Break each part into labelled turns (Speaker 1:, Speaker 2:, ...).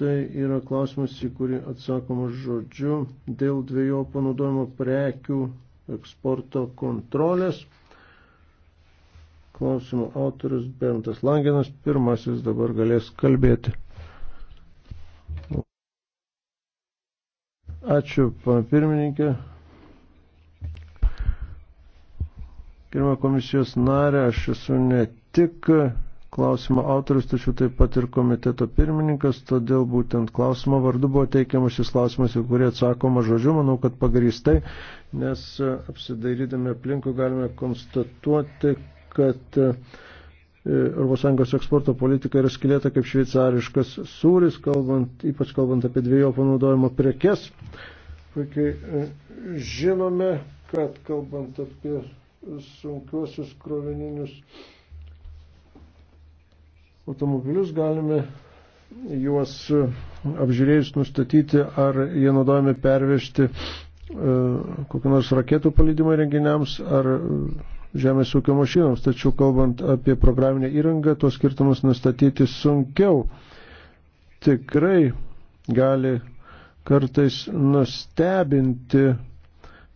Speaker 1: Tai yra klausimas, į kurį atsakoma žodžiu dėl dviejų panaudojimo prekių eksporto kontrolės. Klausimo autorius Bentas Langinas pirmasis dabar galės kalbėti. Ačiū, pana pirmininkė. Pirma komisijos narė, aš esu ne tik klausimo autorius, tačiau taip pat ir komiteto pirmininkas, todėl būtent klausimo vardu buvo teikiamas šis klausimas, į kurį atsakoma žodžiu, manau, kad pagrįstai, nes e, apsidairydami aplinkų galime konstatuoti, kad e, ES eksporto politika yra skilėta kaip šveicariškas sūris, kalbant, ypač kalbant apie dviejų panaudojimo prekes. Puikiai e, žinome, kad kalbant apie sunkiuosius krovininius automobilius, galime juos e, apžiūrėjus nustatyti, ar jie naudojami pervežti e, kokiu nors raketų palydimo renginiams ar e, žemės ūkio mašinoms. Tačiau kalbant apie programinę įrangą, tuos skirtumus nustatyti sunkiau. Tikrai gali kartais nustebinti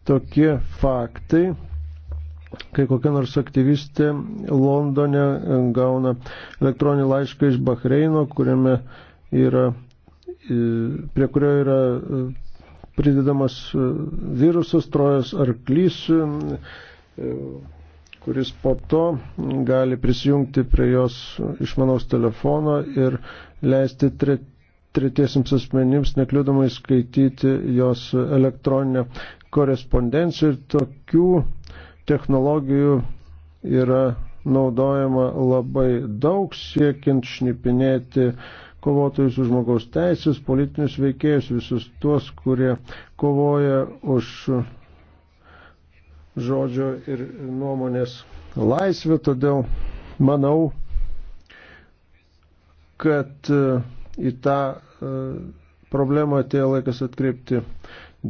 Speaker 1: tokie faktai, kai kokia nors aktyvistė Londone e, gauna elektroninį laišką iš Bahreino, kuriame yra, e, prie kurio yra e, pridedamas virusas, trojas arklys, kuris po to gali prisijungti prie jos išmanaus telefono ir leisti tretiesiams asmenims nekliudomai skaityti jos elektroninę korespondenciją ir tokių technologijų yra naudojama labai daug siekiant šnipinėti kovotojus už žmogaus teisės, politinius veikėjus, visus tuos, kurie kovoja už žodžio ir nuomonės laisvę. Todėl manau, kad e, į tą e, problemą atėjo laikas atkreipti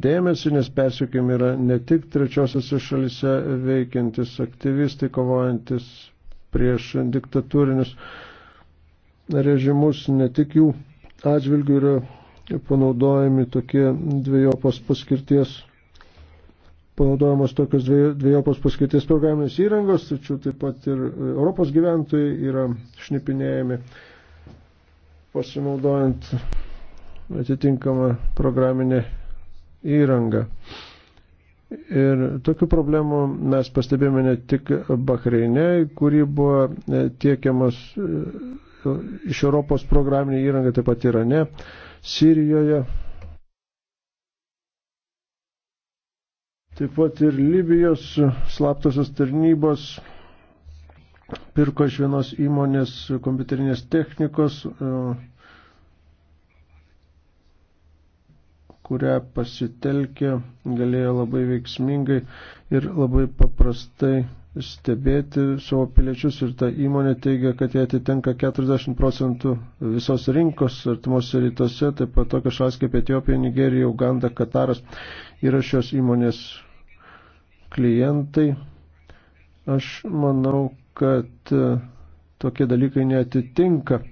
Speaker 1: dėmesį, nes persiekimi yra ne tik trečiosiose šalise veikiantis aktyvistai, kovojantis prieš diktatūrinius režimus, ne tik jų atžvilgių yra panaudojami tokie dviejopos paskirties panaudojamos tokios dviejopos paskirties programinės įrangos, tačiau taip pat ir Europos gyventojai yra šnipinėjami pasinaudojant atitinkamą programinę įrangą. Ir tokių problemų mes pastebėjome ne tik Bahreinė, kuri buvo e, tiekiamas e, iš Europos programinė įranga, taip pat Irane, Sirijoje, taip pat ir Libijos slaptosios tarnybos pirko iš vienos įmonės kompiuterinės technikos. Uh, kurią pasitelkė, galėjo labai veiksmingai ir labai paprastai stebėti savo piliečius ir ta įmonė teigia, kad jie atitenka 40 procentų visos rinkos artimuose rytuose, taip pat tokios šalis kaip Etijopija, Nigerija, Uganda, Kataras yra šios įmonės klientai. Aš manau, kad e, tokie dalykai neatitinka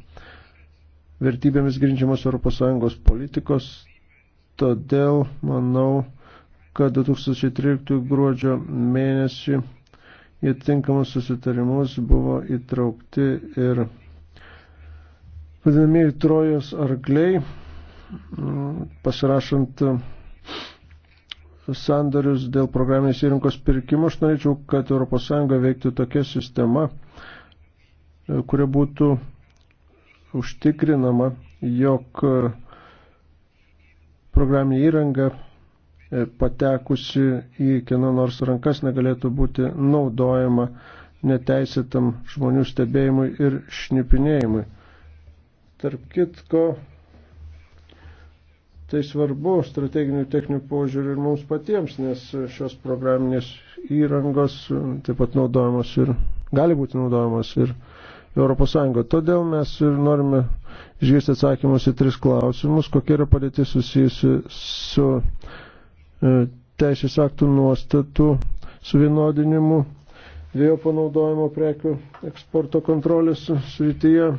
Speaker 1: vertybėmis grindžiamos ES politikos, Todėl manau, kad 2013 gruodžio mėnesį į tinkamus susitarimus buvo įtraukti ir vadinamieji trojos arkliai, pasirašant sandarius dėl programinės įrinkos pirkimo, aš norėčiau, kad ES veiktų tokia sistema, kuria būtų užtikrinama, jog programinė įranga e, patekusi į kieno nors rankas negalėtų būti naudojama neteisėtam žmonių stebėjimui ir šnipinėjimui. Tarp kitko, tai svarbu strateginių techninių požiūrių ir mums patiems, nes šios programinės įrangos taip pat naudojamos ir gali būti naudojamos ir ES. Todėl mes ir norime išgirsti atsakymus į tris klausimus, kokia yra padėtis susijusi su e, teisės aktų nuostatų suvienodinimu vėjo panaudojimo prekių eksporto kontrolės srityje.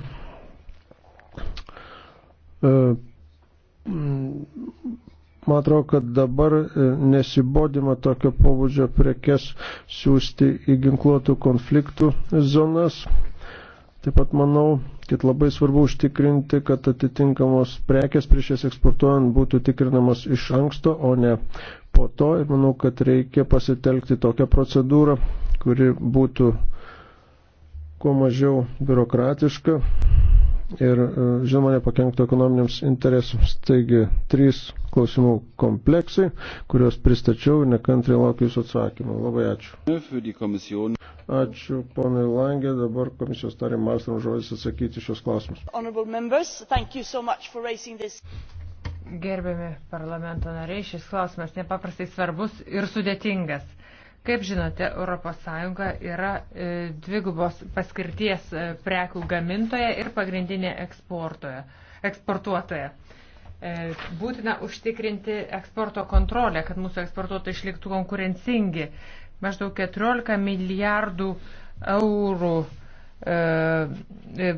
Speaker 1: E, man atrodo, kad dabar e, nesibodima tokio pobūdžio prekes siūsti į ginkluotų konfliktų zonas. Taip pat manau, kad labai svarbu užtikrinti, kad atitinkamos prekes prieš jas eksportuojant būtų tikrinamos iš anksto, o ne po to. Ir manau, kad reikia pasitelkti tokią procedūrą, kuri būtų kuo mažiau biurokratiška ir, e, žinoma, nepakenktų ekonominiams interesams. Taigi, trys klausimų kompleksai, kuriuos pristačiau ir nekantriai laukiu jūsų atsakymą. Labai ačiū. Ačiū, ponai Langė, dabar komisijos tarė Marstram žodis atsakyti
Speaker 2: šios klausimus.
Speaker 3: Gerbiami
Speaker 4: parlamento nariai, šis klausimas nepaprastai svarbus ir sudėtingas. Kaip žinote, ES yra e, dvigubos paskirties e, prekių gamintoja ir pagrindinė eksportuotoja. E, būtina užtikrinti eksporto kontrolę, kad mūsų eksportuotojai išliktų konkurencingi. Maždaug 14 milijardų eurų e, e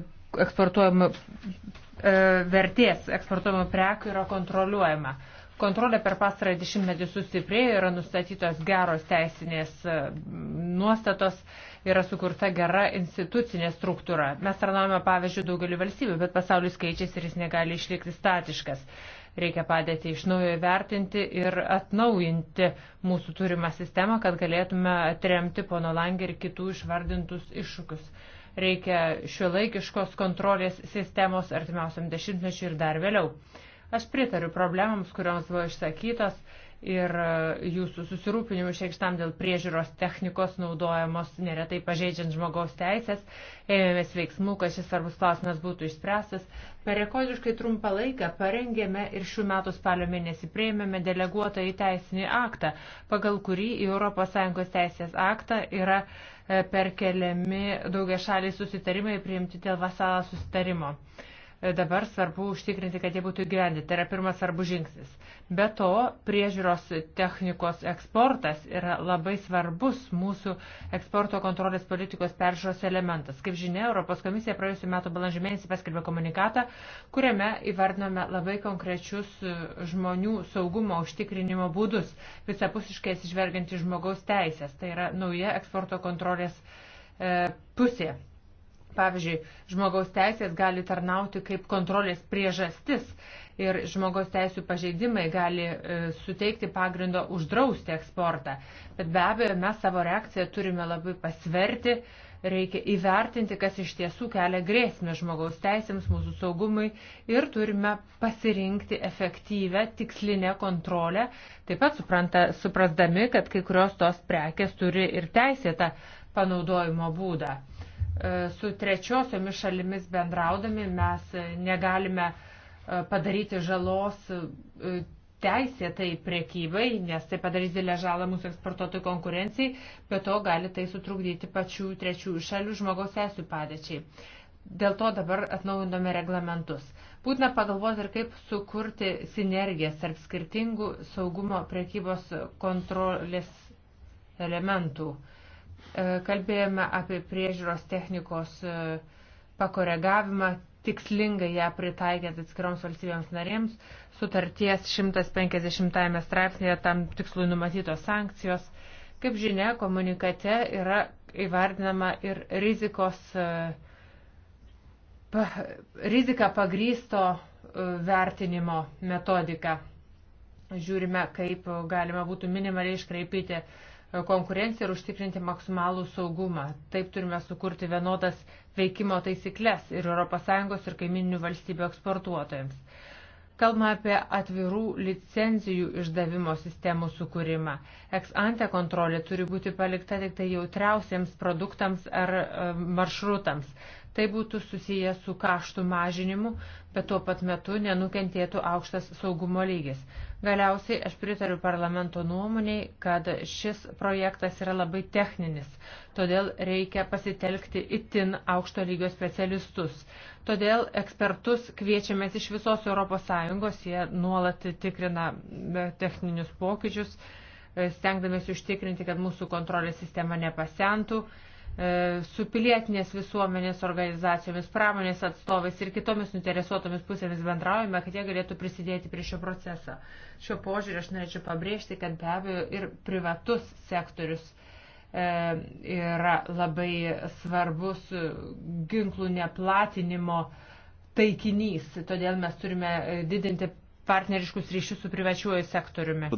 Speaker 5: eksportuojamų e,
Speaker 4: vertės eksportuojamų prekių yra kontroliuojama. E, Kontrolė per pastarą dešimtmetį sustiprėjo, yra nustatytos geros teisinės e, nuostatos, yra sukurta gera institucinė struktūra. Mes tarnaujame pavyzdžių daugeliu valstybių, bet pasaulis keičiasi ir jis negali išlikti statiškas. Reikia padėti iš naujo vertinti ir atnaujinti mūsų turimą sistemą, kad galėtume atremti pono Langį ir kitų išvardintus iššūkius reikia šiuolaikiškos kontrolės sistemos artimiausiam dešimtmečiu ir dar vėliau. Aš pritariu problemams, kurioms buvo išsakytos ir e, jūsų susirūpinimu išreikštam dėl priežiūros technikos naudojamos neretai pažeidžiant žmogaus teisės. Ėmėmės veiksmų, kad šis svarbus klausimas būtų išspręstas. Per rekordiškai trumpą laiką parengėme ir šių metų spalio mėnesį prieimėme deleguotą į teisinį aktą, pagal kurį į ES teisės aktą yra e, perkeliami daugia šaliai susitarimai priimti dėl vasalą susitarimo dabar svarbu užtikrinti, kad jie būtų įgyvendinti. Tai yra pirmas svarbus žingsnis. Be to, priežiūros technikos eksportas yra labai svarbus mūsų eksporto kontrolės politikos peržiūros elementas. Kaip žinia, Europos komisija praėjusiu metu balandžio mėnesį paskelbė komunikatą, kuriame įvardinome labai konkrečius žmonių saugumo užtikrinimo būdus, visapusiškai atsižvelgiant į žmogaus teisės. Tai yra nauja eksporto kontrolės e, pusė. Pavyzdžiui, žmogaus teisės gali tarnauti kaip kontrolės priežastis ir žmogaus teisų pažeidimai gali e, suteikti pagrindo uždrausti eksportą. Bet be abejo, mes savo reakciją turime labai pasverti, reikia įvertinti, kas iš tiesų kelia grėsmę žmogaus teisėms, mūsų saugumui ir turime pasirinkti efektyvę tikslinę kontrolę, taip pat supranta, suprasdami, kad kai kurios tos prekės turi ir teisėtą panaudojimo būdą. E, su trečiosiomis šalimis bendraudami mes e, negalime e, padaryti žalos teisė tai priekybai, nes tai padarys didelę žalą mūsų eksportuotojų konkurencijai, bet to gali tai sutrukdyti pačių trečiųjų šalių žmogaus teisų padėčiai. Dėl to dabar atnaujinome reglamentus. Būtina pagalvoti ir kaip sukurti sinergijas tarp skirtingų saugumo priekybos kontrolės elementų. Uh, E, kalbėjome apie priežiūros technikos e, pakoregavimą, tikslingai ją pritaikėt atskiroms valstybėms narėms. Sutarties 150 straipsnėje tam tikslui numatytos sankcijos. Kaip žinia, komunikate yra įvardinama ir rizikos, e, pa, rizika pagrysto vertinimo metodika. Žiūrime, kaip galima būtų minimaliai iškreipyti uh, konkurenciją ir užtikrinti maksimalų saugumą. Taip turime sukurti vienodas veikimo taisyklės ir ES ir kaimininių valstybių eksportuotojams. Kalbame apie atvirų licenzijų išdavimo sistemų sukūrimą. Ex ante kontrolė turi būti palikta tik tai jautriausiems produktams ar maršrutams. Tai būtų susiję su kaštų mažinimu, bet tuo pat metu nenukentėtų aukštas saugumo lygis. Galiausiai aš pritariu parlamento nuomoniai, kad šis projektas yra labai techninis, todėl reikia pasitelkti itin aukšto lygio specialistus. Todėl ekspertus kviečiamės iš visos ES, jie nuolat tikrina e, techninius pokyčius, e, stengdamės užtikrinti, kad mūsų kontrolės sistema nepasentų E, su pilietinės visuomenės organizacijomis, pramonės atstovais ir kitomis interesuotomis pusėmis bendraujame, kad jie galėtų prisidėti prie šio proceso. Šio požiūrį aš norėčiau pabrėžti, kad be abejo ir privatus sektorius e, yra labai svarbus ginklų neplatinimo taikinys, todėl mes turime didinti partneriškus ryšius su privačiuoju sektoriumi.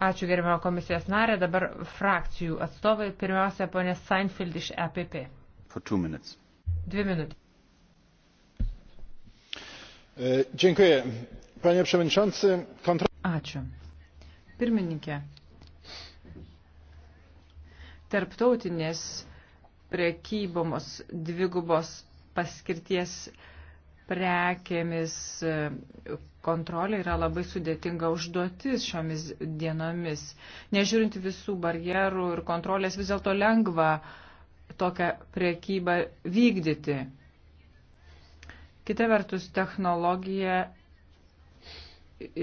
Speaker 4: Ačiū gerbiamą komisijos narę. Dabar frakcijų atstovai. Pirmiausia, ponė Seinfeld iš EPP. Dvi minutės.
Speaker 1: E, dziękuję. Panie Przewodniczący, kontrola. Ačiū.
Speaker 5: Pirmininkė. Tarptautinės prekybomos dvigubos paskirties prekėmis kontrolė yra labai sudėtinga užduotis šiomis dienomis. Nežiūrint visų barjerų ir kontrolės, vis dėlto lengva tokią priekybą vykdyti. Kita vertus, technologija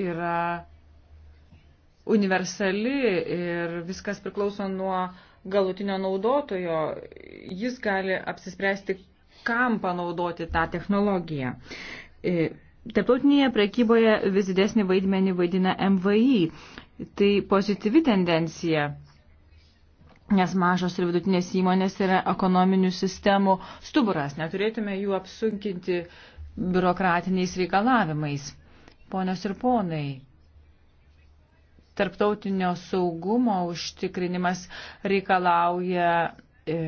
Speaker 5: yra universali ir viskas priklauso nuo galutinio naudotojo. Jis gali apsispręsti, kam panaudoti tą technologiją. E, tarptautinėje prekyboje vis didesnį vaidmenį vaidina MVI. Tai pozityvi tendencija, nes mažos ir vidutinės įmonės yra ekonominių sistemų stuburas. Neturėtume jų apsunkinti biurokratiniais reikalavimais. Ponios ir ponai, tarptautinio saugumo užtikrinimas reikalauja e,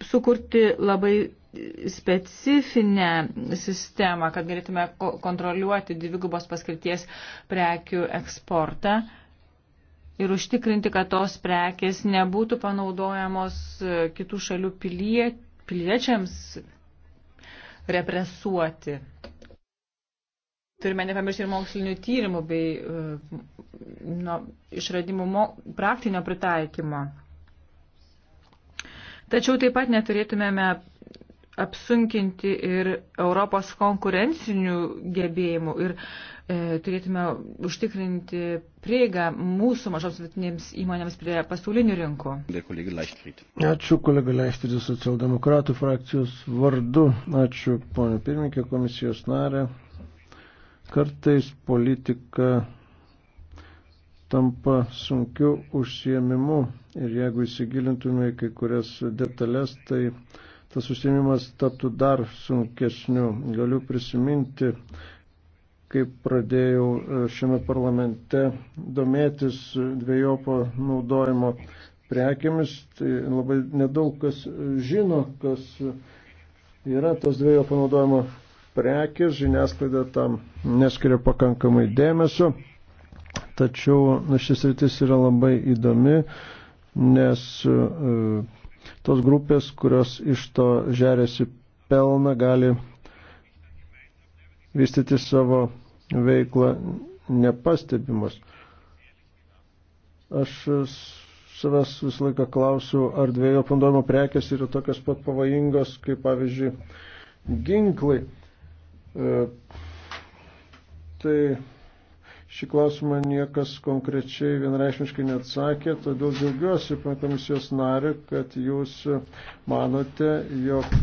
Speaker 5: sukurti labai specifinę sistemą, kad galėtume kontroliuoti dvigubos paskirties prekių eksportą ir užtikrinti, kad tos prekės nebūtų panaudojamos kitų šalių pilie, piliečiams represuoti. Turime nepamiršti ir mokslinių tyrimų bei nu, išradimų mo, praktinio pritaikymo. Tačiau taip pat neturėtumėme apsunkinti ir Europos konkurencinių gebėjimų ir e, turėtume užtikrinti prieigą mūsų mažoms vidutinėms įmonėms prie pasaulinių rinkų.
Speaker 1: Ačiū kolega Leištridis socialdemokratų frakcijos vardu. Ačiū ponė pirmininkė komisijos narė. Kartais politika tampa sunkiu užsiemimu ir jeigu įsigilintume į kai kurias detalės, tai tas užsiemimas taptų dar sunkesniu. Galiu prisiminti, kaip pradėjau e, šiame parlamente domėtis dviejopo naudojimo prekiamis, tai labai nedaug kas žino, kas yra tos dviejo panaudojimo prekės, žiniasklaida tam neskiria pakankamai dėmesio tačiau šis rytis yra labai įdomi, nes e, tos grupės, kurios iš to žerėsi pelną, gali vystyti savo veiklą nepastebimas. Aš savęs visą laiką klausiu, ar dviejų panduojimo prekes yra tokios pat pavojingos, kaip pavyzdžiui, ginklai. E, tai Šį klausimą niekas konkrečiai vienreišmiškai neatsakė, todėl džiaugiuosi, pana komisijos nari, kad jūs manote, jog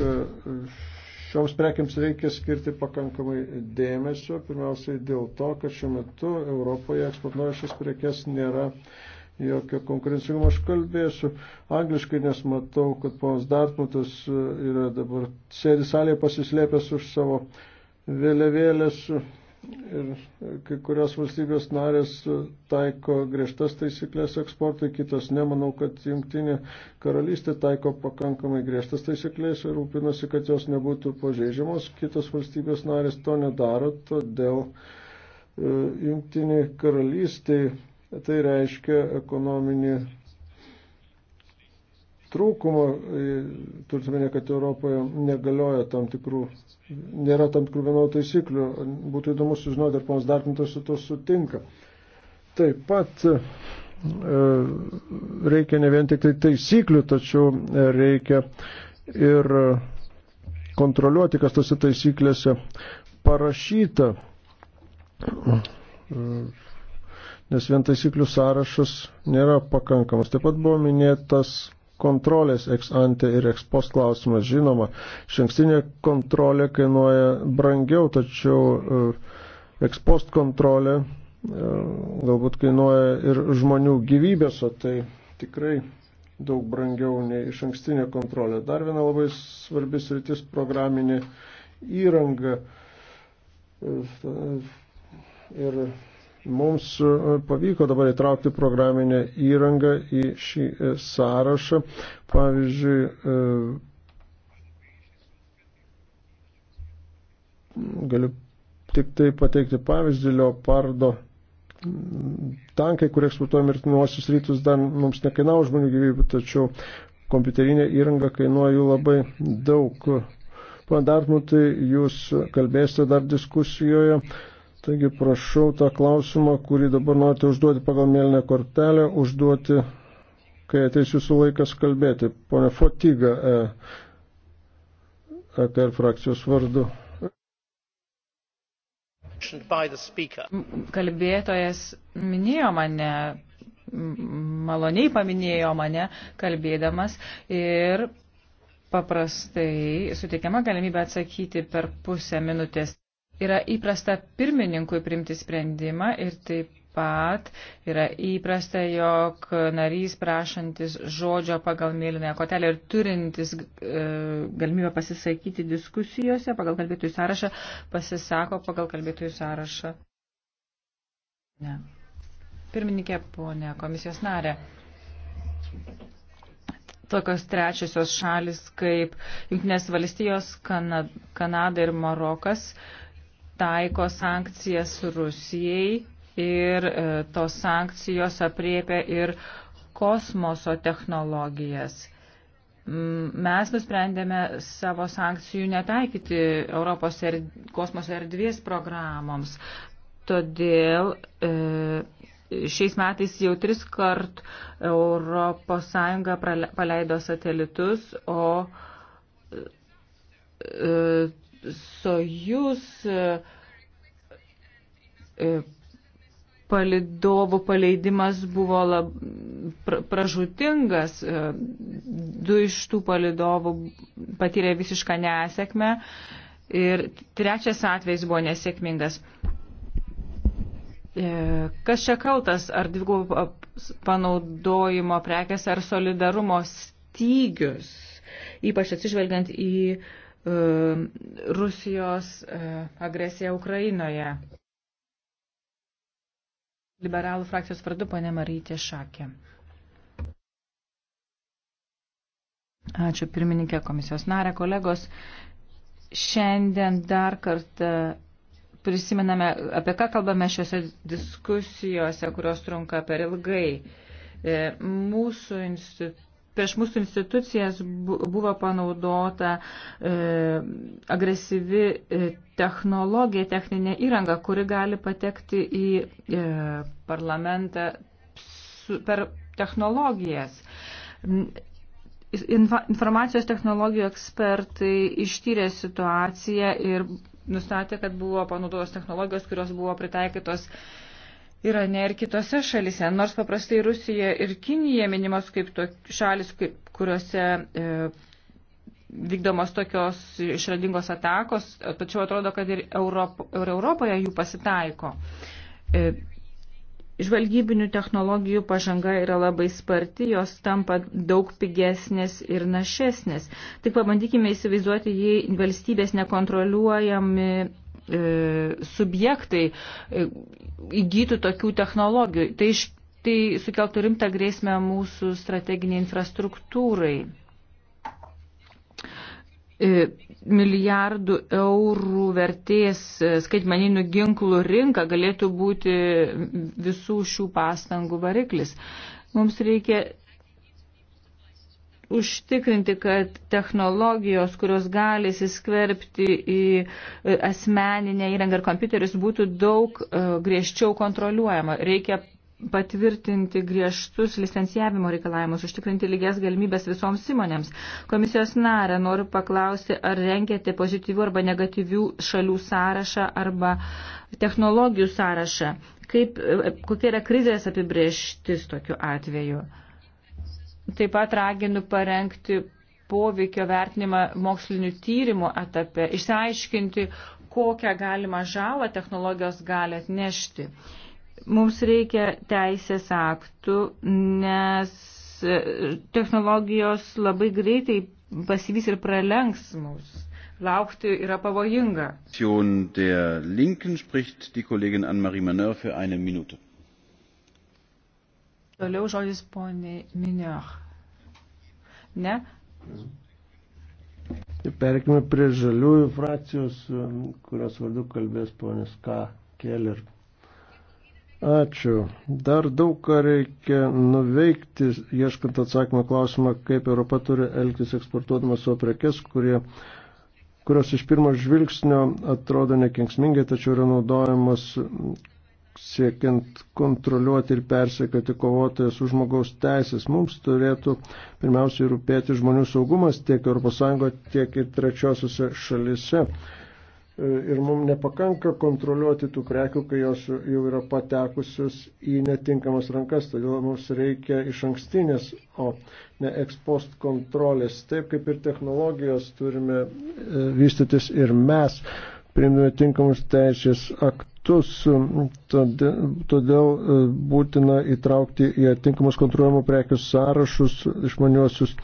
Speaker 1: šioms prekiams reikia skirti pakankamai dėmesio, pirmiausiai dėl to, kad šiuo metu Europoje eksportuoja šias prekes nėra jokio konkurencingumo. Aš kalbėsiu angliškai, nes matau, kad ponas Dartmutas yra dabar sėdi salėje pasislėpęs už savo vėliavėlės. Vėlė Ir kai kurios valstybės narės taiko griežtas taisyklės eksportui, kitos nemanau, kad jungtinė karalystė taiko pakankamai griežtas taisyklės ir rūpinasi, kad jos nebūtų pažeidžiamos, kitos valstybės narės to nedaro, todėl e, jungtinė karalystė tai reiškia ekonominį trūkumo, e, turtume, kad Europoje negalioja tam tikrų, nėra tam tikrų vienodų taisyklių. Būtų įdomu sužinoti, ar ponas Dartintas su to sutinka. Taip pat e, reikia ne vien tik tai taisyklių, tačiau reikia ir kontroliuoti, kas tose taisyklėse parašyta. Nes vien taisyklių sąrašas nėra pakankamas. Taip pat buvo minėtas kontrolės ex ante ir ex post klausimas. Žinoma, šankstinė kontrolė kainuoja brangiau, tačiau e, ex post kontrolė e, galbūt kainuoja ir žmonių gyvybės, o tai tikrai daug brangiau nei iš ankstinė kontrolė. Dar viena labai svarbis rytis programinė įranga e, ir Mums e, pavyko dabar įtraukti programinę įrangą į šį e, sąrašą. Pavyzdžiui, e, galiu tik tai pateikti pavyzdį Leopardo tankai, kurie eksportuoja mirtinuosius rytus, dar mums nekainavo žmonių gyvybių, tačiau kompiuterinė įranga kainuoja jų labai daug. Pane Dartmutai, jūs kalbėsite dar diskusijoje Taigi prašau tą klausimą, kurį dabar norite užduoti pagal mėlyną kortelę, užduoti, kai ateis jūsų laikas kalbėti. Pone Fotyga, EKR e frakcijos vardu.
Speaker 5: Kalbėtojas minėjo mane, maloniai paminėjo mane kalbėdamas ir paprastai suteikiama galimybė atsakyti per pusę minutės yra įprasta pirmininkui primti sprendimą ir taip pat yra įprasta, jog narys prašantis žodžio pagal mėlynąją kotelę ir turintis e, galimybę pasisakyti diskusijose pagal kalbėtojų sąrašą, pasisako pagal kalbėtojų sąrašą. Ne. Pirmininkė, ponė komisijos narė. Tokios trečiosios šalis kaip Junktinės valstijos, Kanada, Kanada ir Marokas. E, taiko sankcijas Rusijai ir e, tos sankcijos apriepia ir kosmoso technologijas. Mes nusprendėme savo sankcijų netaikyti Europos er, kosmoso erdvės programoms. Todėl e, šiais metais jau tris kart Europos Sąjunga praleido satelitus, o e, sojus e, palidovų paleidimas buvo lab, pra, pražutingas. E, du iš tų palidovų patyrė visišką nesėkmę ir trečias atvejs buvo nesėkmingas. E, kas čia kaltas, ar dvigubo panaudojimo prekes, ar solidarumo stygius, ypač atsižvelgiant į uh, E, Rusijos e, agresiją Ukrainoje. Liberalų frakcijos vardu ponė Marytė Šakė. Ačiū pirmininkė komisijos narė, kolegos. Šiandien dar kartą prisimename, apie ką kalbame šiuose diskusijose, kurios trunka per ilgai. E, mūsų institucijos prieš mūsų institucijas buvo panaudota e, agresyvi e, technologija, techninė įranga, kuri gali patekti į e, parlamentą su, per technologijas. Infa, informacijos technologijų ekspertai ištyrė situaciją ir nustatė, kad buvo panaudotos technologijos, kurios buvo pritaikytos e, Irane ir kitose šalise, nors paprastai Rusija ir Kinija minimos kaip to, šalis, kaip, kuriuose e, vykdomos tokios išradingos atakos, tačiau atrodo, kad ir, Europ, ir Europoje jų pasitaiko. E, Žvalgybinių technologijų pažanga yra labai sparti, jos tampa daug pigesnės ir našesnės. Tik pabandykime įsivaizduoti, jei valstybės nekontroliuojami E, subjektai e, įgytų tokių technologijų. Tai, iš, tai sukeltų rimtą grėsmę mūsų strateginiai infrastruktūrai. E, milijardų eurų vertės skaitmeninių ginklų rinka galėtų būti visų šių pastangų variklis. Mums reikia užtikrinti, kad technologijos, kurios gali įsiskverbti į e, asmeninę įrangą ir kompiuterius, būtų daug e, griežčiau kontroliuojama. Reikia patvirtinti griežtus licencijavimo reikalavimus, užtikrinti lygias galimybės visoms įmonėms. Komisijos narė, noriu paklausti, ar rengėte pozityvių arba negatyvių šalių sąrašą arba technologijų sąrašą. Kaip, e, kokia yra krizės apibrieštis tokiu atveju? Taip pat raginu parengti poveikio vertinimą mokslinių tyrimų etape, išsiaiškinti, kokią galimą žalą technologijos gali atnešti. Mums reikia teisės aktų, nes e, technologijos labai greitai pasivys ir pralenks mus. Laukti yra pavojinga.
Speaker 3: Der Linken spricht die Kollegin Anne-Marie Maneur für eine
Speaker 1: Minute.
Speaker 5: Toliau žodis poniai Minior. Ne?
Speaker 1: Perkime prie žaliųjų frakcijos, um, kurios vardu kalbės ponis K. Keller. Ačiū. Dar daug ką reikia nuveikti, ieškant atsakymą klausimą, kaip Europa turi elgtis eksportuodama savo prekes, kurie, kurios iš pirmo žvilgsnio atrodo nekenksmingai, tačiau yra naudojamos siekiant kontroliuoti ir persekėti kovotojas už žmogaus teisės. Mums turėtų pirmiausiai rūpėti žmonių saugumas tiek ES, tiek ir trečiosiuose šalise. Ir mums nepakanka kontroliuoti tų prekių, kai jos jau yra patekusios į netinkamas rankas, todėl mums reikia iš ankstinės, o ne ekspost kontrolės. Taip kaip ir technologijos turime e, vystytis ir mes priimdami tinkamus teisės aktus, todėl e, būtina įtraukti į tinkamus kontroliuojamų prekių sąrašus, išmaniuosius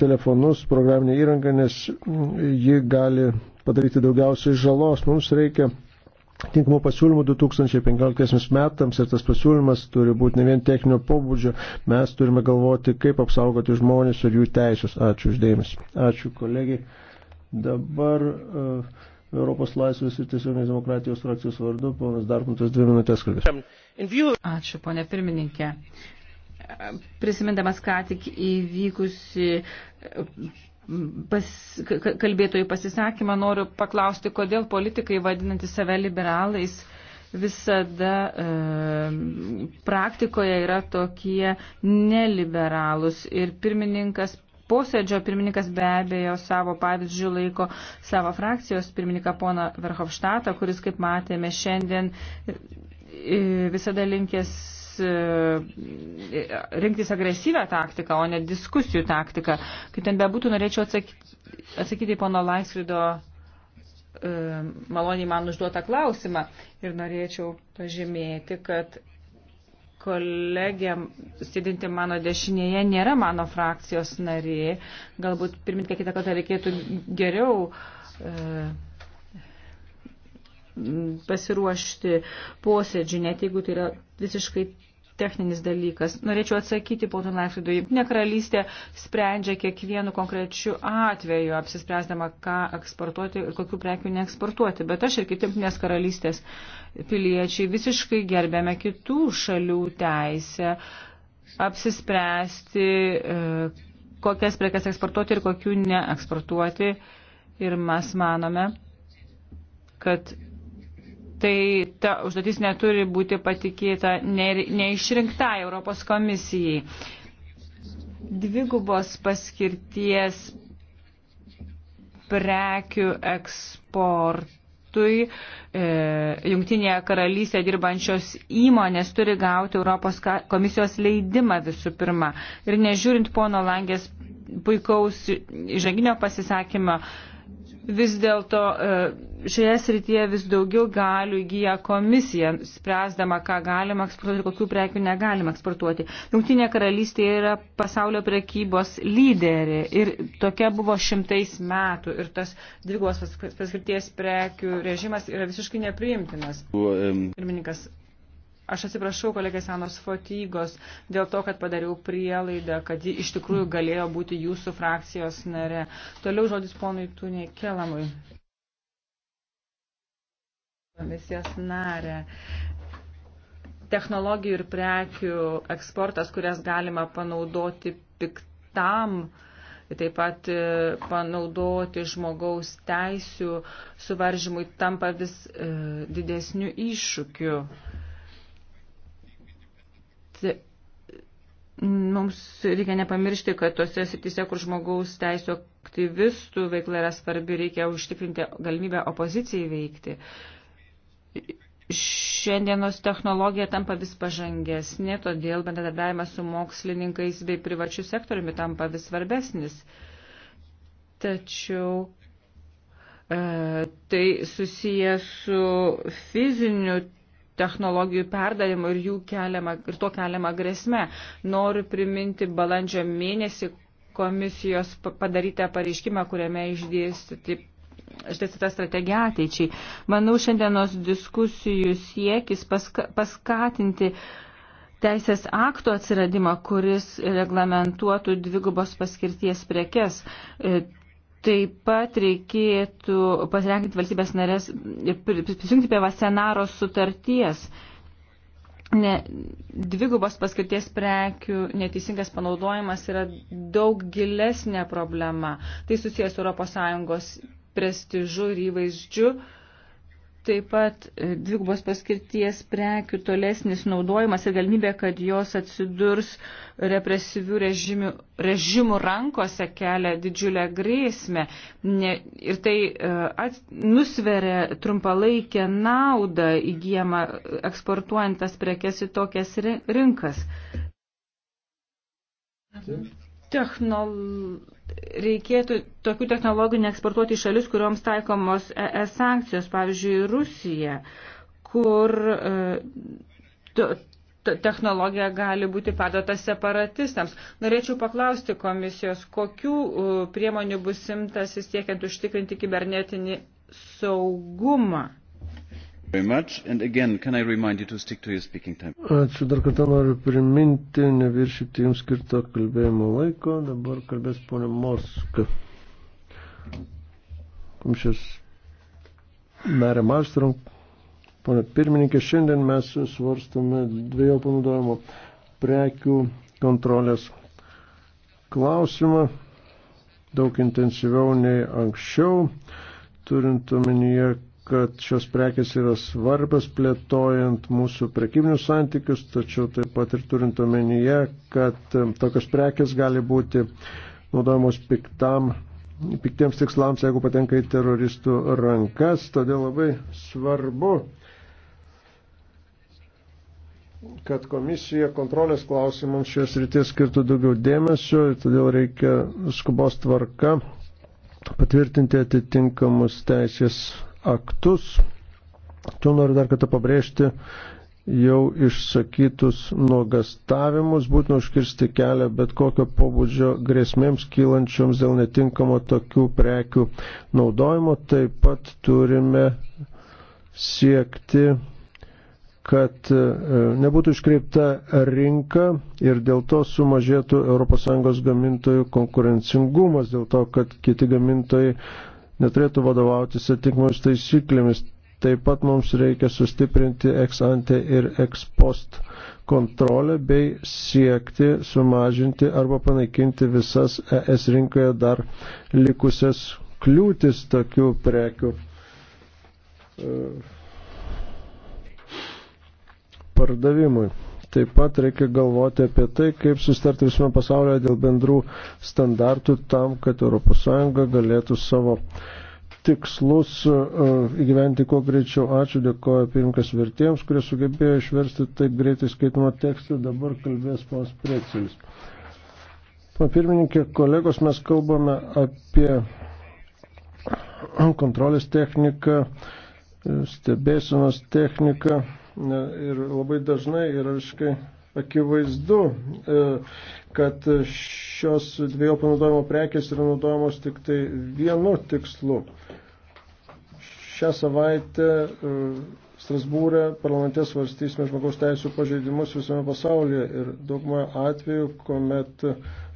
Speaker 1: telefonus, programinę įrangą, nes ji gali padaryti daugiausiai žalos. Mums reikia tinkamų pasiūlymų 2015 metams ir tas pasiūlymas turi būti ne vien techninio pobūdžio, mes turime galvoti, kaip apsaugoti žmonės ir jų teisės. Ačiū uždėmesi. Ačiū kolegiai. Dabar uh, Europos laisvės ir tiesioginės demokratijos frakcijos vardu, ponas Darkuntas, dvi minutės kalbės.
Speaker 5: Ačiū, ponė pirmininkė. Prisimindamas ką tik įvykusi pas, kalbėtojų pasisakymą, noriu paklausti, kodėl politikai vadinantys save liberalais visada e, praktikoje yra tokie neliberalus ir pirmininkas posėdžio pirmininkas be abejo savo pavyzdžių laiko savo frakcijos pirmininką poną Verhofštatą, kuris, kaip matėme, šiandien e, visada linkęs e, rinktis agresyvę taktiką, o ne diskusijų taktiką. Kaip ten bebūtų, norėčiau atsakyti, atsakyti į pono Laisvido e, maloniai man užduotą klausimą ir norėčiau pažymėti, kad kolegė, sėdinti mano dešinėje, nėra mano frakcijos narė. Galbūt pirmininkė kitą kartą reikėtų geriau e, pasiruošti posėdžių, net jeigu tai yra visiškai techninis dalykas. Norėčiau atsakyti, ponų Laifridui, jungtinė karalystė sprendžia kiekvienu konkrečiu atveju, apsispręsdama, ką eksportuoti ir kokių prekių neeksportuoti. Bet aš ir kiti jungtinės karalystės piliečiai visiškai gerbėme kitų šalių teisę apsispręsti, e, kokias prekes eksportuoti ir kokių neeksportuoti. Ir mes manome, kad tai ta užduotis neturi būti patikėta neišrinktai Europos komisijai. Dvigubos paskirties prekių eksportui e, jungtinėje karalystėje dirbančios įmonės turi gauti Europos komisijos leidimą visų pirma. Ir nežiūrint pono Langės puikaus įžanginio pasisakymą, e, vis dėlto e, šioje srityje vis daugiau galių įgyja komisija, spręsdama, ką galima eksportuoti, kokių prekių negalima eksportuoti. Jungtinė karalystė yra pasaulio prekybos lyderė ir tokia buvo šimtais metų ir tas dvigubos paskirties prekių režimas yra visiškai nepriimtinas. Pirmininkas Aš atsiprašau kolegės Anos Fotygos dėl to, kad padariau prielaidą, kad ji iš tikrųjų galėjo būti jūsų frakcijos nare. Toliau žodis ponui Tūnė Kelamui. Komisijos narė. Technologijų ir prekių eksportas, kurias galima panaudoti piktam taip pat e, panaudoti žmogaus teisių suvaržymui tampa vis e, didesniu iššūkiu mums reikia nepamiršti, kad tose srityse, kur žmogaus teisų aktyvistų veikla yra svarbi, reikia užtikrinti galimybę opozicijai veikti. Šiandienos technologija tampa vis pažangesnė, todėl bendradarbiavimas su mokslininkais bei privačiu sektoriumi tampa vis svarbesnis. Tačiau e, tai susiję su fiziniu technologijų perdavimu ir, keliama, ir to keliama grėsme. Noriu priminti balandžio mėnesį komisijos padarytą pareiškimą, kuriame išdėstyti išdėstyta strategija ateičiai. Manau, šiandienos diskusijų siekis paska, paskatinti teisės akto atsiradimą, kuris reglamentuotų dvigubos paskirties prekes. E, Taip pat reikėtų pasirenkinti valstybės narės ir prisijungti prie Vasenaro sutarties. Ne, dvigubos paskirties prekių neteisingas panaudojimas yra daug gilesnė problema. Tai susijęs su ES prestižu ir įvaizdžiu. Uh, Taip pat e, dvigubos paskirties prekių tolesnis naudojimas ir galimybė, kad jos atsidurs represyvių režimių, režimų rankose kelia didžiulę grėsmę. Ne, ir tai e, at, nusveria trumpalaikę naudą įgyjama eksportuojant tas prekes į tokias rinkas technol... reikėtų tokių technologijų neeksportuoti į šalis, kuriuoms taikomos ES sankcijos, pavyzdžiui, Rusija, kur e, technologija gali būti padota separatistams. Norėčiau paklausti komisijos, kokių e, priemonių bus imtas įsiekiant užtikrinti kibernetinį saugumą.
Speaker 3: Again, Ačiū
Speaker 1: dar kartą noriu priminti, neviršyti jums skirto kalbėjimo laiko. Dabar kalbės ponė Moska. Komisijos merė Malstrom. Pone pirmininkė, šiandien mes svarstame dviejų panaudojimo prekių kontrolės klausimą daug intensyviau nei anksčiau, turint omenyje, kad šios prekės yra svarbios plėtojant mūsų prekybinius santykius, tačiau taip pat ir turint omenyje, kad e, tokios prekės gali būti naudojamos piktam, piktiems tikslams, jeigu patenka į teroristų rankas. Todėl labai svarbu, kad komisija kontrolės klausimams šios ryties skirtų daugiau dėmesio ir todėl reikia skubos tvarka patvirtinti atitinkamus teisės aktus. Čia noriu dar kartą pabrėžti jau išsakytus nuogastavimus, būtina užkirsti kelią bet kokio pobūdžio grėsmėms kylančioms dėl netinkamo tokių prekių naudojimo. Taip pat turime siekti kad e, nebūtų iškreipta rinka ir dėl to sumažėtų ES gamintojų konkurencingumas, dėl to, kad kiti gamintojai neturėtų vadovautis atitinkamomis taisyklėmis. Taip pat mums reikia sustiprinti ex ante ir ex post kontrolę bei siekti sumažinti arba panaikinti visas ES rinkoje dar likusias kliūtis tokių prekių e, pardavimui. Taip pat reikia galvoti apie tai, kaip sustarti visame pasaulyje dėl bendrų standartų tam, kad ES galėtų savo tikslus e, įgyventi kuo greičiau. Ačiū, dėkoju pirmkas vertėjams, kurie sugebėjo išversti taip greitai skaitimo tekstą. Dabar kalbės pas precilis. Pirmininkė, kolegos, mes kalbame apie kontrolės techniką, stebėsenos techniką ir labai dažnai yra visiškai akivaizdu, e, kad šios dviejų panaudojimo prekės yra naudojamos tik tai vienu tikslu. Šią savaitę e, Strasbūrė parlamente svarstysime žmogaus teisų pažeidimus visame pasaulyje ir daugumą atvejų, kuomet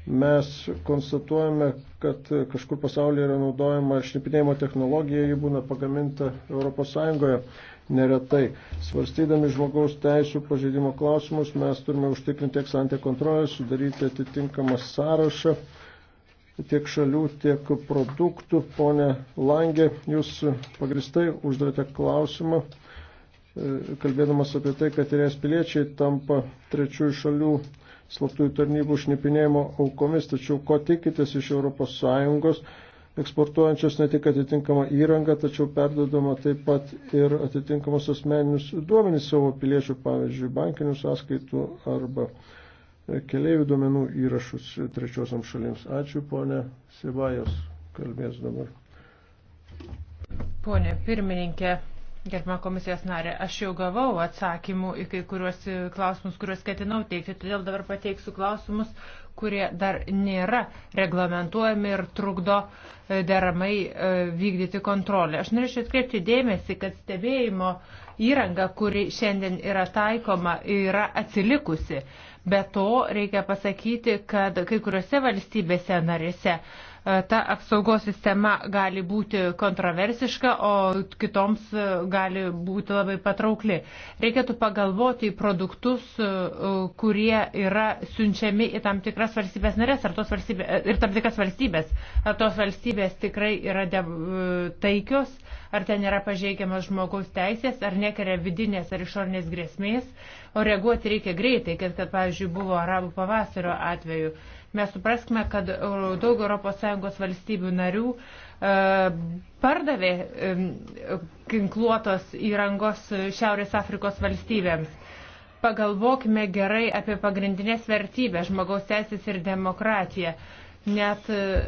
Speaker 1: mes konstatuojame, kad kažkur pasaulyje yra naudojama šnipinėjimo technologija, ji būna pagaminta ES neretai. Svarstydami žmogaus teisų pažeidimo klausimus mes turime užtikrinti eksantę kontrolę, sudaryti atitinkamą sąrašą tiek šalių, tiek produktų. Pone Langė, jūs pagristai uždavėte klausimą, e, kalbėdamas apie tai, kad ir jas piliečiai tampa trečiųjų šalių slaptųjų tarnybų šnipinėjimo aukomis, tačiau ko tikitės iš ES eksportuojančios ne tik atitinkamą įrangą, tačiau perdodama taip pat ir atitinkamus asmeninius duomenys savo piliečių, pavyzdžiui, bankinių sąskaitų arba keliaivių duomenų įrašus trečiosiam šalims. Ačiū, ponė Sibajos, kalbės dabar.
Speaker 4: Pone pirmininkė, Gerbama komisijos narė, aš jau gavau atsakymų į kai kuriuos klausimus, kuriuos ketinau teikti, todėl dabar pateiksiu klausimus, kurie dar nėra reglamentuojami ir trukdo e, deramai e, vykdyti kontrolę. Aš norėčiau atkreipti dėmesį, kad stebėjimo įranga, kuri šiandien yra taikoma, yra atsilikusi. Be to reikia pasakyti, kad kai kuriuose valstybėse narėse E, ta apsaugos sistema gali būti kontroversiška, o kitoms e, gali būti labai patraukli. Reikėtų pagalvoti į produktus, e, kurie yra siunčiami į tam tikras valstybės narės ar tos valstybės, ir tam tikras valstybės. Ar tos valstybės tikrai yra de, taikios, ar ten yra pažeigiamas žmogaus teisės, ar nekeria vidinės ar išornės grėsmės, o reaguoti reikia greitai, kad, kad pavyzdžiui, buvo arabų pavasario atveju. Mes supraskime, kad daug ES valstybių narių e, pardavė e, ginkluotos įrangos Šiaurės Afrikos valstybėms. Pagalvokime gerai apie pagrindinės vertybės - žmogaus teisės ir demokratiją. Net, e,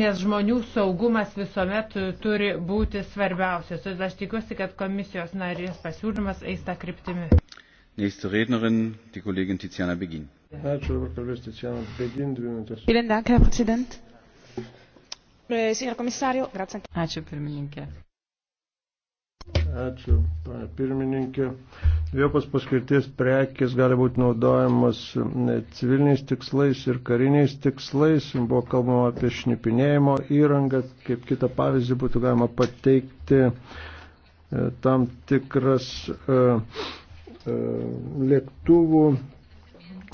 Speaker 4: nes žmonių saugumas visuomet turi būti svarbiausias. Todėl aš tikiuosi, kad komisijos narės pasiūlymas eis tą kryptimį.
Speaker 2: Nächste Rednerin, die Kollegin Tiziana Begin.
Speaker 1: Ačiū, dabar kalbės Ticiana Begin, dvi minutės. Vielen Dank, Herr Präsident.
Speaker 5: Signor Komisario, grazie. Ačiū, pirmininkė.
Speaker 1: Ačiū, pane pirmininkė. Dviejopos paskirties prekės gali būti naudojamas civiliniais tikslais ir kariniais tikslais. Buvo kalbama apie šnipinėjimo įrangą. Kaip kitą pavyzdį būtų galima pateikti e, tam tikras e, e, lėktuvų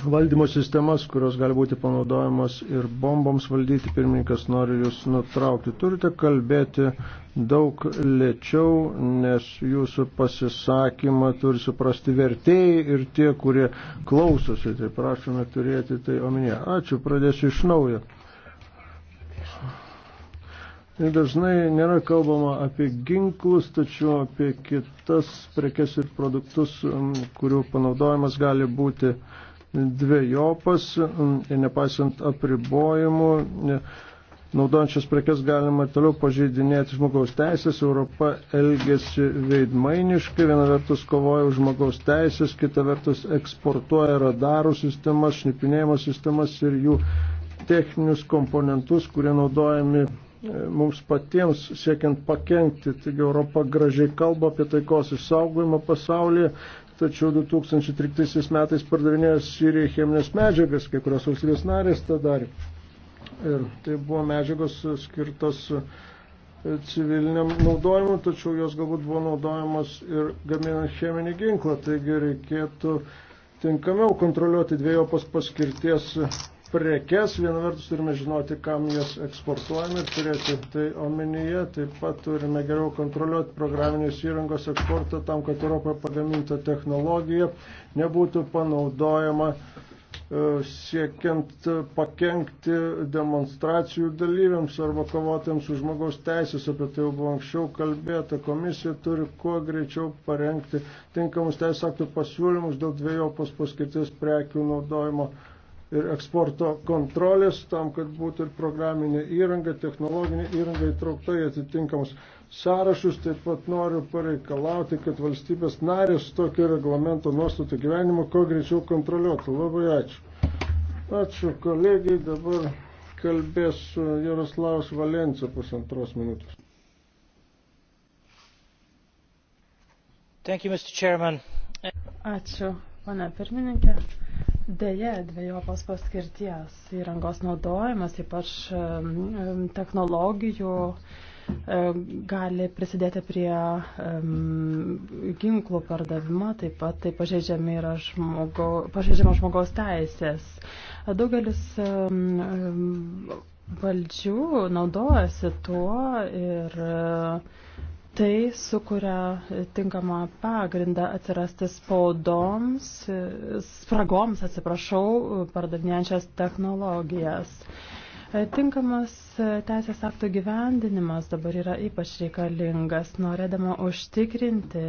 Speaker 1: valdymo sistemas, kurios gali būti panaudojamos ir bomboms valdyti. Pirmininkas nori jūs nutraukti. Turite kalbėti daug lėčiau, nes jūsų pasisakymą turi suprasti vertėjai ir tie, kurie klausosi. Tai prašome turėti tai omenyje. Ačiū, pradėsiu iš naujo. Ir dažnai nėra kalbama apie ginklus, tačiau apie kitas prekes ir produktus, kurių panaudojimas gali būti uh, dviejopas ir nepaisant apribojimų, naudojančias prekes galima ir toliau pažeidinėti žmogaus teisės. Europa elgesi veidmainiškai, viena vertus kovoja už žmogaus teisės, kita vertus eksportuoja radarų sistemas, šnipinėjimo sistemas ir jų techninius komponentus, kurie naudojami e, mums patiems siekiant pakengti. Taigi Europa gražiai kalba apie taikos išsaugojimą pasaulyje, tačiau 2013 metais pardavinėjo Sirijai cheminės medžiagas, kai kurios valstybės narės tą darė. Ir tai buvo medžiagos skirtos e, civiliniam naudojimui, tačiau jos galbūt buvo naudojamos ir gaminant cheminį ginklą, taigi reikėtų tinkamiau kontroliuoti dviejopos paskirties prekes, viena vertus turime žinoti, kam jas eksportuojame ir turėti tai omenyje, taip pat turime geriau kontroliuoti programinės įrangos eksportą tam, kad Europoje pagaminta technologija nebūtų panaudojama e, siekiant pakengti demonstracijų dalyviams arba kovotėms už žmogaus teisės, apie tai jau buvo anksčiau kalbėta, komisija turi kuo greičiau parengti tinkamus teisės aktų pasiūlymus dėl dviejopos paskirties prekių naudojimo ir eksporto kontrolės, tam, kad būtų ir programinė įranga, technologinė įranga įtraukta į atitinkamus sąrašus. Taip pat noriu pareikalauti, kad valstybės narės tokio reglamento nuostatų gyvenimo kuo greičiau kontroliuotų. Labai ačiū. Ačiū kolegijai, dabar kalbės Jaroslavas Valencija pusantros minutės.
Speaker 3: You, Ačiū, pana pirmininkė. Deja, dviejopos paskirties įrangos naudojimas, ypač technologijų, e, gali prisidėti prie ginklų pardavimo, taip pat tai pažeidžiami yra žmogo, pažeidžiama žmogaus teisės. Daugelis valdžių naudojasi tuo ir uh, Tai sukuria tinkamą pagrindą atsirasti spaudoms, spragoms, atsiprašau, pardavinėjančias technologijas. Tinkamas teisės akto gyvendinimas dabar yra ypač reikalingas, norėdama užtikrinti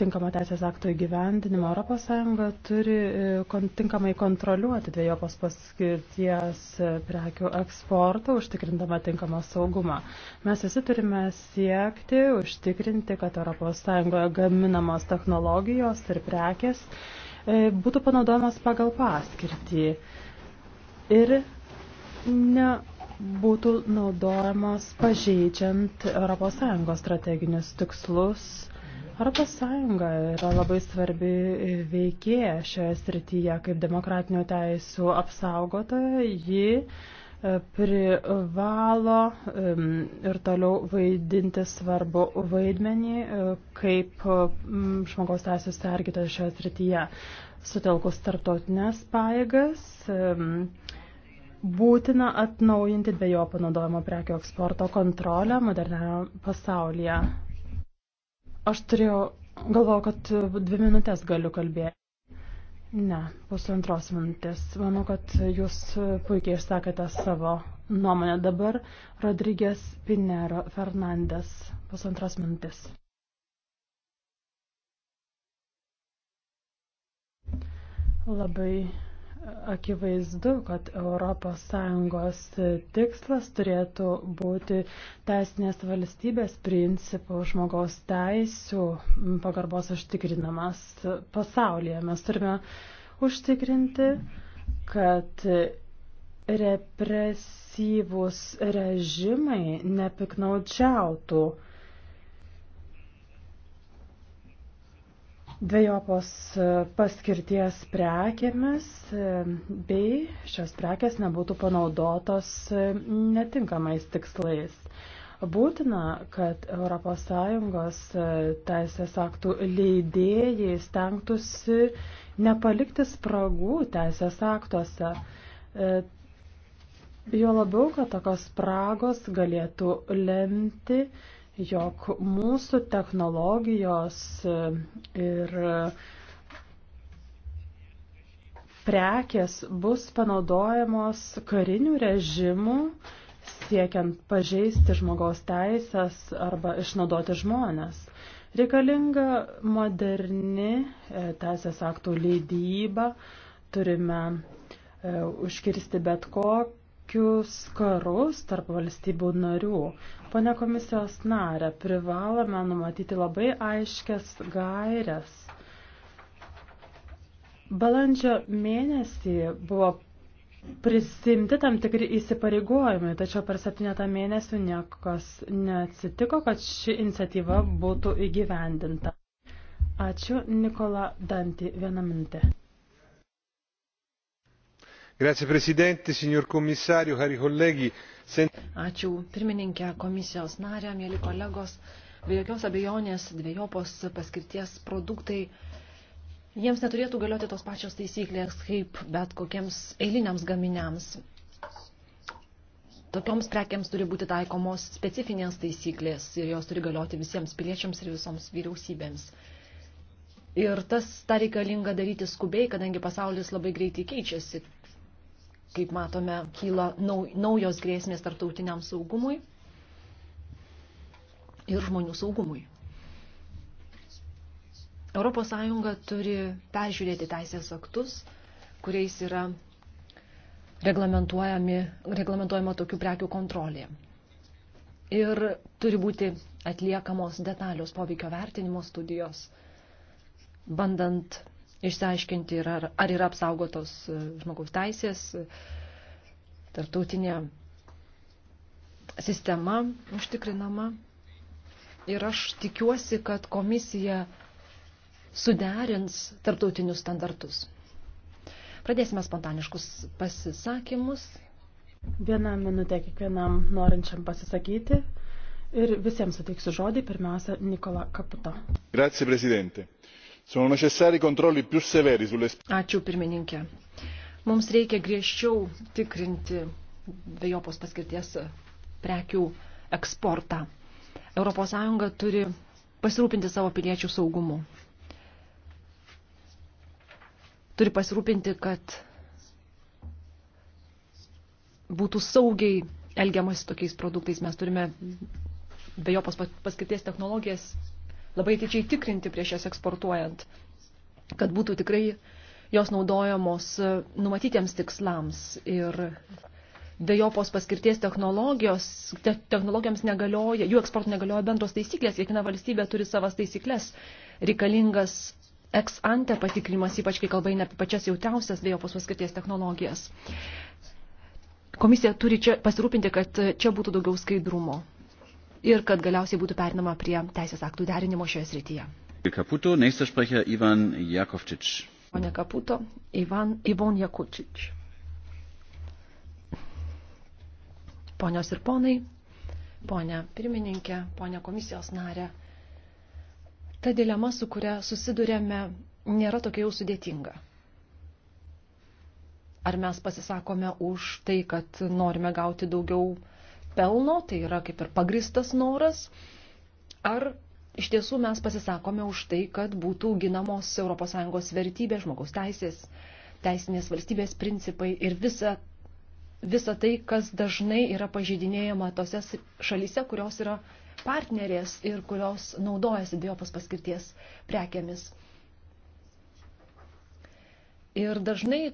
Speaker 3: tinkamą teisės akto įgyvendinimą. ES turi e, kon, tinkamai kontroliuoti dviejopos paskirties e, prekių eksportą, užtikrindama tinkamą saugumą. Mes visi turime siekti užtikrinti, kad ES gaminamos technologijos ir prekės e, būtų panaudojamos pagal paskirtį. Ir ne būtų naudojamos pažeidžiant ES strateginius tikslus. ES yra labai svarbi veikėja šioje srityje kaip demokratinių teisų apsaugotoja. Ji e, privalo ir toliau vaidinti svarbu vaidmenį e, kaip žmogaus teisų sergitoja šioje srityje sutelkus tarptautinės paėgas. Um, būtina atnaujinti dviejų panaudojimo prekių eksporto kontrolę moderniame pasaulyje. Aš turėjau, galvojau, kad dvi minutės galiu kalbėti. Ne, pusantros minutės. Manau, kad jūs puikiai išsakėte savo nuomonę dabar. Rodrygės Pinero Fernandes, pusantros minutės. Labai akivaizdu, kad ES tikslas turėtų būti teisinės valstybės principų žmogaus teisų pagarbos užtikrinamas pasaulyje. Mes turime užtikrinti, kad represyvūs režimai nepiknaudžiautų uh, dviejopos e, paskirties prekėmis e, bei šios prekės nebūtų panaudotos e, netinkamais tikslais. Būtina, kad ES teisės aktų leidėjai stengtųsi nepalikti spragų teisės aktuose. Jo labiau, kad tokios spragos galėtų lemti jog mūsų technologijos e, ir prekės bus panaudojamos karinių režimų siekiant pažeisti žmogaus teisės arba išnaudoti žmonės. Reikalinga moderni e, teisės aktų leidyba, turime e, užkirsti bet kokį tokius karus tarp valstybių narių. Pone komisijos narė, privalome numatyti labai aiškias gairias. Balandžio mėnesį buvo prisimti tam tikri įsipareigojimai, tačiau per septynetą mėnesių niekas neatsitiko, kad ši iniciatyva būtų įgyvendinta. Ačiū, Nikola Danti, vieną minutę.
Speaker 2: Grazie, prezidente, signor komisariu, cari colleghi. Sen...
Speaker 6: Ačiū pirmininkė komisijos narė, mėly kolegos. Be jokios abejonės dviejopos paskirties produktai Jiems neturėtų galioti tos pačios taisyklės kaip bet kokiems eiliniams gaminiams. Tokioms prekiams turi būti taikomos specifinės taisyklės ir jos turi galioti visiems piliečiams ir visoms vyriausybėms. Ir tas tą reikalinga daryti skubiai, kadangi pasaulis labai greitai keičiasi kaip matome, kyla naujos grėsmės tarptautiniam saugumui ir žmonių saugumui. ES turi peržiūrėti teisės aktus, kuriais yra reglamentuojama tokių prekių kontrolė. Ir turi būti atliekamos detalios poveikio vertinimo studijos, bandant išsiaiškinti, ar, ar yra apsaugotos e, žmogaus teisės, e, tartautinė sistema užtikrinama. Ir aš tikiuosi, kad komisija suderins tartautinius standartus. Pradėsime spontaniškus pasisakymus.
Speaker 3: Vieną minutę kiekvienam norinčiam pasisakyti. Ir visiems suteiksiu žodį,
Speaker 6: pirmiausia, Nikola Kaputo.
Speaker 2: Grazie, prezidente sono necessari controlli più severi sulle.
Speaker 6: ačiū pirmininke mums reikia griežčiau tikrinti dvejopos paskirties prekių eksportą. Europos Sąjunga turi pasirūpinti savo piliečių saugumu. Turi pasirūpinti, kad būtų saugiai elgiamasi tokiais produktais. Mes turime be jo paskirties technologijas labai atidžiai tikrinti prieš jas eksportuojant, kad būtų tikrai jos naudojamos e, numatytiems tikslams ir dėjopos paskirties technologijos, te, technologijoms negalioja, jų eksport negalioja bendros taisyklės, kiekviena valstybė turi savas taisyklės, reikalingas ex ante patikrimas, ypač kai kalba eina apie pačias jautriausias dėjopos paskirties technologijas. Komisija turi čia pasirūpinti, kad čia būtų daugiau skaidrumo ir kad galiausiai būtų perinama prie teisės aktų derinimo šioje srityje.
Speaker 3: Kaputo, nächster Sprecher Ivan Jakovčič.
Speaker 6: Pone Kaputo, Ivan, Ivan Jakovčič. Ponios ir ponai, ponia pirmininkė, ponia komisijos narė, ta dilema, su kuria susidurėme, nėra tokia jau sudėtinga. Ar mes pasisakome už tai, kad norime gauti daugiau pelno, tai yra kaip ir pagristas noras, ar iš tiesų mes pasisakome už tai, kad būtų ginamos ES vertybės, žmogaus teisės, teisinės valstybės principai ir visa, visa tai, kas dažnai yra pažeidinėjama tose šalyse, kurios yra partnerės ir kurios naudojasi dviejopos paskirties prekiamis. Ir dažnai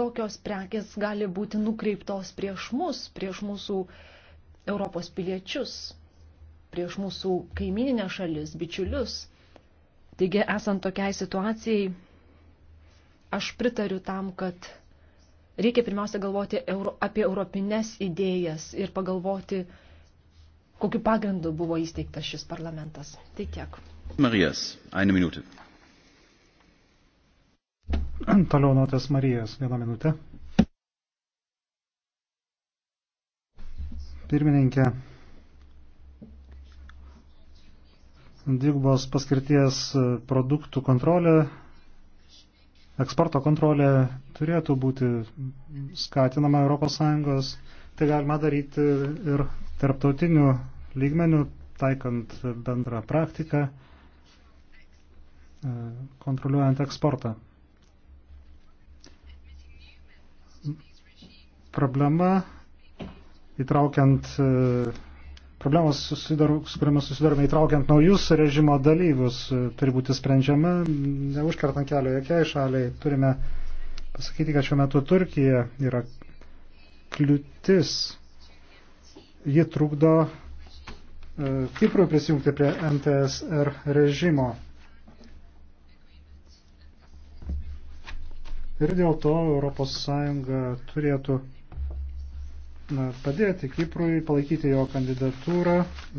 Speaker 6: tokios prekės gali būti nukreiptos prieš mus, prieš mūsų Europos piliečius, prieš mūsų kaimininę šalis, bičiulius. Taigi, esant tokiai situacijai, aš pritariu tam, kad reikia pirmiausia galvoti euro, apie europines idėjas ir pagalvoti, kokiu pagrindu buvo įsteigtas šis parlamentas. Tai tiek.
Speaker 3: Marijas, eine minutė.
Speaker 2: Toliau notas Marijas. Vieną minutę. Pirmininkė. Dvigubos paskirties produktų kontrolė, eksporto kontrolė turėtų būti skatinama ES. Tai galima daryti ir tarptautinių lygmenių, taikant bendrą praktiką, kontroliuojant eksportą. problema, įtraukiant e, problemos, susidar, su kuriamis susidarome įtraukiant naujus režimo dalyvius, e, turi būti sprendžiama, neužkertant kelio jokiai šaliai. Turime pasakyti, kad šiuo metu Turkija yra kliūtis. Ji trukdo e, Kiprui prisijungti prie NTSR režimo. Ir dėl to ES turėtų padėti Kiprui, palaikyti jo kandidatūrą,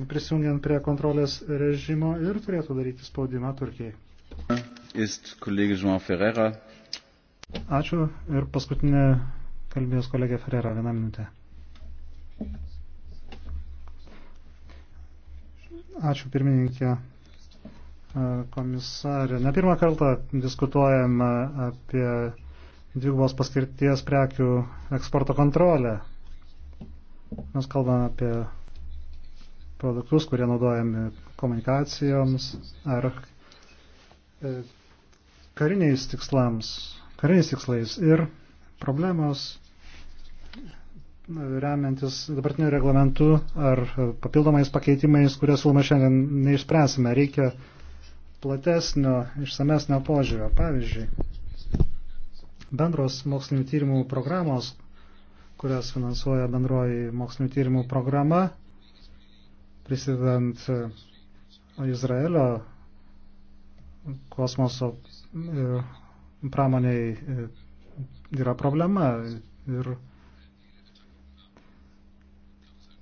Speaker 2: prisijungiant prie kontrolės režimo ir turėtų daryti spaudimą Turkijai. Ačiū ir paskutinė kalbės kolegė Ferrera, vieną minutę. Ačiū pirmininkė komisarė. Ne pirmą kartą diskutuojam apie dvigubos paskirties prekių eksporto kontrolę Mes kalbame apie produktus, kurie naudojami komunikacijoms ar e, kariniais tikslams, kariniais tikslais ir problemos remiantis dabartiniu reglamentu ar papildomais pakeitimais, kurie siūloma šiandien neišspręsime. Reikia platesnio, išsamesnio požiūrio. Pavyzdžiui, bendros mokslinių tyrimų programos, kurias finansuoja bendroji mokslinių tyrimų programa, prisidedant e, Izraelio kosmoso e, pramoniai e, yra problema ir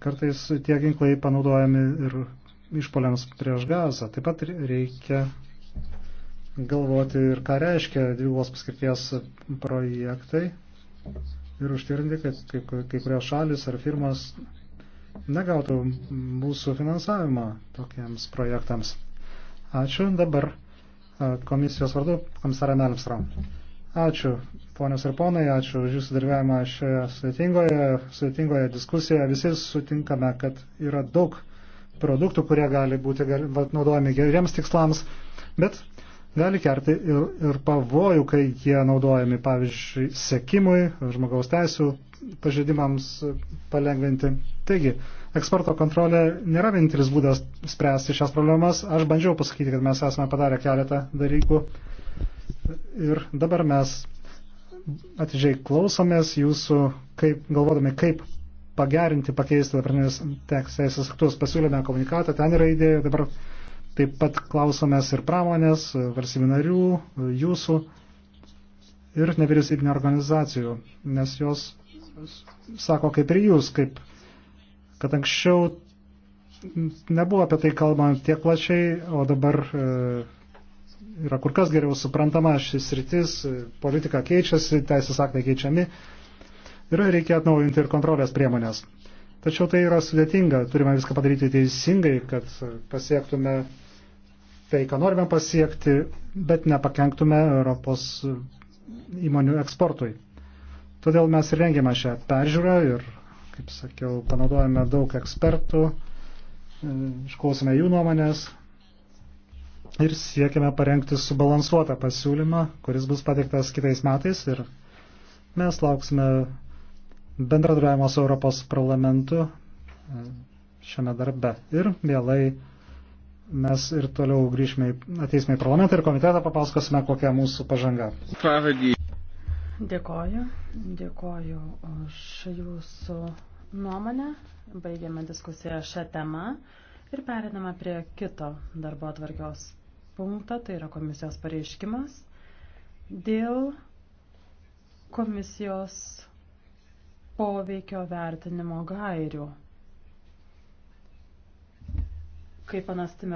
Speaker 2: kartais tie ginklai panaudojami ir išpoliams prieš gazą. Taip pat reikia galvoti ir ką reiškia dvigubos paskirties projektai ir užtikrinti, kad kai, kai kurios šalis ar firmas negautų mūsų finansavimą tokiems projektams. Ačiū dabar komisijos vardu komisarė Melmstrom. Ačiū, ponios ir ponai, ačiū už jūsų dalyvavimą šioje sudėtingoje, sudėtingoje diskusijoje. Visi sutinkame, kad yra daug produktų, kurie gali būti gal, naudojami geriems tikslams, bet gali kerti ir, ir pavojų, kai jie naudojami, pavyzdžiui, sekimui, žmogaus teisų pažeidimams palengventi. Taigi, eksporto kontrolė nėra vienintelis būdas spręsti šias problemas. Aš bandžiau pasakyti, kad mes esame padarę keletą dalykų ir dabar mes atidžiai klausomės jūsų, kaip, galvodami, kaip pagerinti, pakeisti dabartinius teisės aktus. Pasiūlėme komunikatą, ten yra idėjų, dabar Taip pat klausomės ir pramonės, varsivinarių, jūsų ir nevyriausybinio organizacijų, nes jos sako kaip ir jūs, kaip, kad anksčiau nebuvo apie tai kalbama tiek plačiai, o dabar e, yra kur kas geriau suprantama šis rytis, e, politika keičiasi, teisės aktai keičiami ir reikia atnaujinti ir kontrolės priemonės. Tačiau tai yra sudėtinga, turime viską padaryti teisingai, kad pasiektume tai, ką norime pasiekti, bet nepakenktume Europos įmonių eksportui. Todėl mes rengiame šią peržiūrą ir, kaip sakiau, panaudojame daug ekspertų, išklausome jų nuomonės ir siekiame parengti subalansuotą pasiūlymą, kuris bus pateiktas kitais metais ir mes lauksime bendradarbiavimo su Europos parlamentu e, šiame darbe. Ir vėlai mes ir toliau grįžime, ateisime į parlamentą ir komitetą, papasakosime, kokia mūsų pažanga.
Speaker 3: Dėkoju. Dėkoju už jūsų nuomonę. Baigiame diskusiją šią temą ir periname prie kito darbo atvarkios punkto, tai yra komisijos pareiškimas dėl komisijos poveikio vertinimo gairių. Kaip panas Timė